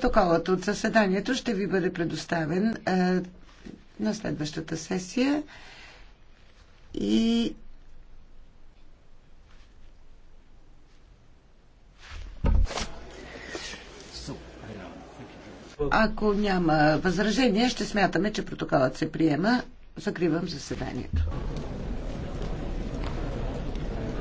Протоколът от заседанието ще ви бъде предоставен е, на следващата сесия и Ако няма възражение, ще смятаме, че протоколът се приема. Закривам заседанието.